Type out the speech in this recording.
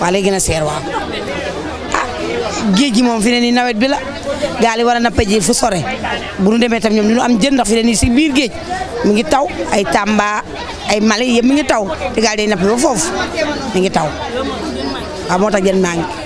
waaw lay gën a seer waaw ah géej gi moom fi ne nii nawet bi la gaal war a nappe ji fu sore bu nu demee tam ñoom ñu am jën ndax fi ne nii si biir géej mi ngi taw ay Tamba ay Mali yëpp mi ngi taw te gaal day nappe ba foofu mi ngi taw waaw moo tax jën maa ngi